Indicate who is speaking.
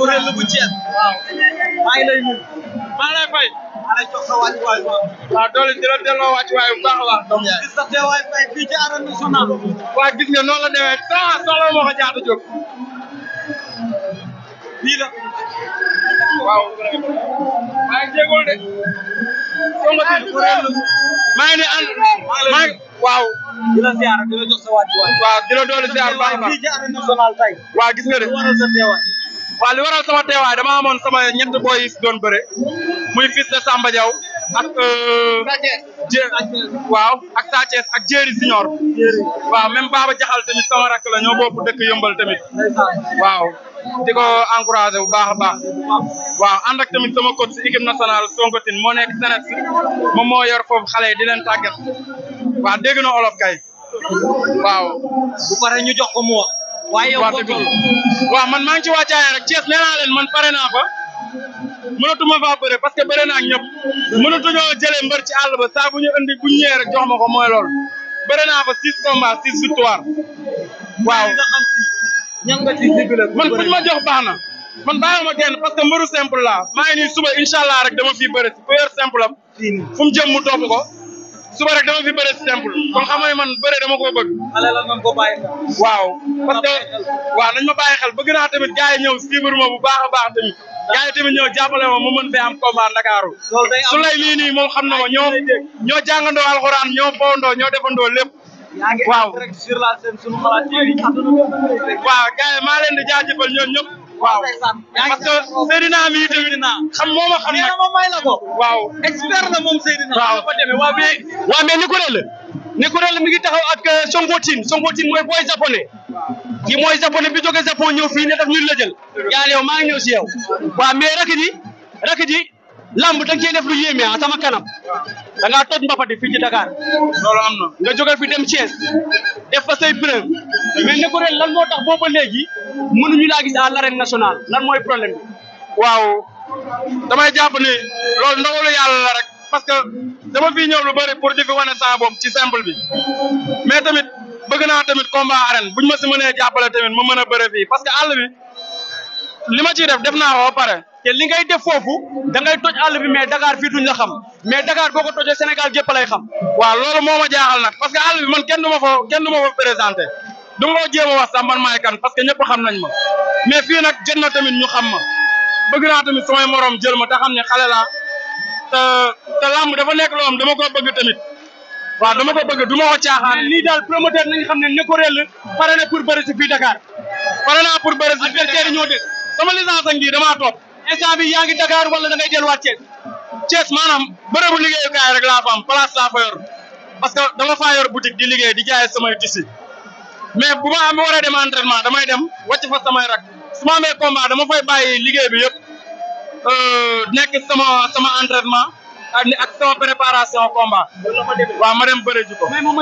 Speaker 1: kuréel bu Thiès. waaw maa ngi lay nuyu. maa ngi lay fay. maa lay jox sa wàccuwaay bu baax. waaw doole di la delloo wàccuwaay bu baax a baax. donc gis sa teewaay fay fii ci arène nationale. waaw gis nga noonu la demee sans soxla moo ko jaata jóg. lii la. waaw. maa ngi jégalu de. maa ngi lay ànd maa ngi waaw. di la ziar di la jox sa wàccuwaay. waaw di la doole ziar baax a baax. fii ci arène nationale tey. waaw gis nga de. waral sa teewaay. waaw li waral sama teewaay dama amoon sama ñett booy yi doon bëre muy fils de Samba Diaw ak. Euh, ak Sa Thiès ak Jéeri Siñor. waaw même Baba Jaxal tamit sama rakk la ñoo bokk dëkk yëmbal tamit. waaw di ko bu baax a baax. waaw ànd ak tamit sama coach si équipe nationale Sonkotin moo nekk Sénégal moom moo yor foofu xale yi di leen tàggat. waaw dégg na kay. waaw. bu paree ñu jox ko waa yow waaw man maa ngi ci wàccaay rek Thiès nee naa man pare naa fa mënatuma faa bëre parce que bëre naa ñëpp mënatuñoo jëlee mbër ci àll ba saa bu ñu indi bu rek jox ma ko mooy loolu bëre naa fa six combats six victoire waaw ñam nga ci man fu ma jox baana man bàyyi ma kenn parce que mbëru simple la maa ngi suba incha allah rek dama fii bëre si bu yor simple mu jëm mu topp ko suba rek dama fi bëre simple kon xam nga man bëre dama ko bëgg. waaw parce que waaw nañ ma bàyyi xel bëgg naa tamit gars yi ñëw suivre ma bu baax a baax tamit. gars yi tamit ñëw jàppale ma mu mën fee am combat Ndakaaru. su lay nii moom xam na ma ñoo ñoo jàngandoo alxuraan ñoo bowandoo ñoo defandoo lépp. waaw. waaw gars yi maa leen di jaajëfal ñoom ñëpp. waaw parce que Seydina mi tamit xam moo ma xam nag moom may la ko waaw expert la moom Seydina waaw fa demee waaw waaw mais Nicolas la mi ngi taxaw ak euh, Sonko Tine Sonko Tine mooy booy japonais ki mooy japonais bi jóge Japon ñëw fii ne daf ñun la jël yàlla yow maa ngi ñëw si yow waaw mais rakk ji rakk lamb da nga cee def lu yéeme ah sama kanam da ngaa toj mbapati fii ci Dakar loolu nga jóge fi dem Thiès def fa say preuve mais Nicolas lan moo tax booba léegi mënuñu laa gis à l'arène nationale lan mooy problème waaw damay jàpp ni loolu ndogalu yàlla la rek parce que dama fi ñëw lu bëri pour di fi wane saa boobu ci simple bi mais tamit bëgg naa tamit combat bu buñ ma si mënee jàppale tamit ma mën a bëre fii parce que àll bi li ma ciy def def naa ko ba pare. te li ngay def foofu da ngay toj àll bi mais Dakar fii duñ la xam mais Dakar boo ko tojee Sénégal gépp lay xam waaw loolu moo a jaaxal nag parce que àll bi man kenn du ma fa du ma ko jéem a wax sax man maay kan parce que ñëpp xam nañ ma mais fii nag jot na tamit ñu xam ma bëgg naa tamit samay morom jël ma te xam ne xale laa te te làmb dafa nekk loo am dama ko bëgg tamit waaw dama ko bëgg du ma ko caaxaan. lii daal promoteur nañ xam ne Nécorel pare na pour bëri si fii Dakar. pare naa pour bëri si sama licence ak ngii damaa topp instant bi yaa ngi Dakar wala da ngay delluwaat Thiès Thiès maanaam bërëbu liggéeyukaay rek laa fa am place laa fa yor parce que dama di liggéey di jaay mais bu ma am war dem entraînement damay dem wàcc fa samay rak su ma amee combat dama fay bàyyi liggéey bi yëpp euh, nekk sama sama entraînement ak sama préparation combat waaw ma dem bëre ji